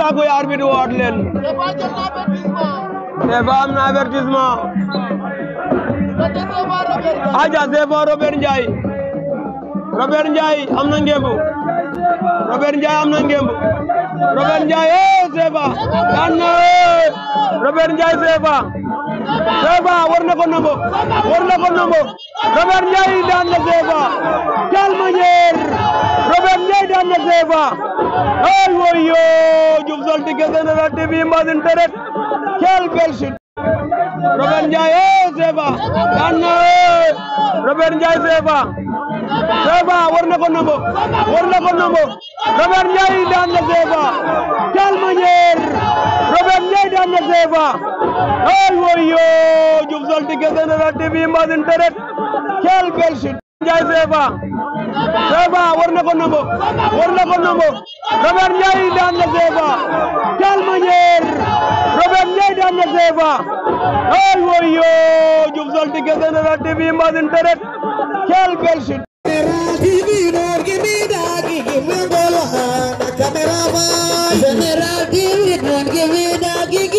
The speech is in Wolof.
stop bi arbitre bi woot am na avertissement aja Tefa Robert Ndiaye Robert Ndiaye am na ngemb Robert Ndiaye am na ngemb Robert Ndiaye eh Tefa daan na eh. Robert Ndiaye Tefa Tefa war na ko nombo Robert Ndiaye daan na Tefa calme Robert Ndiaye daan na Tefa ay woyo Politique Générale TV Mbadine Beret quelle belle chute Robert Robert Ndiaye oh, Seba oh. Seba war na ko Robert Ndiaye daan na Seba quelle manière Robert Ndiaye daan na Seba ay woyo Diouf Politique Générale TV Mbadine Beret na ko Robert Ndiaye daan na de CFA ay woyo Diouf Salle di génn na TV Mbadine Deret quelle belle chute Général TV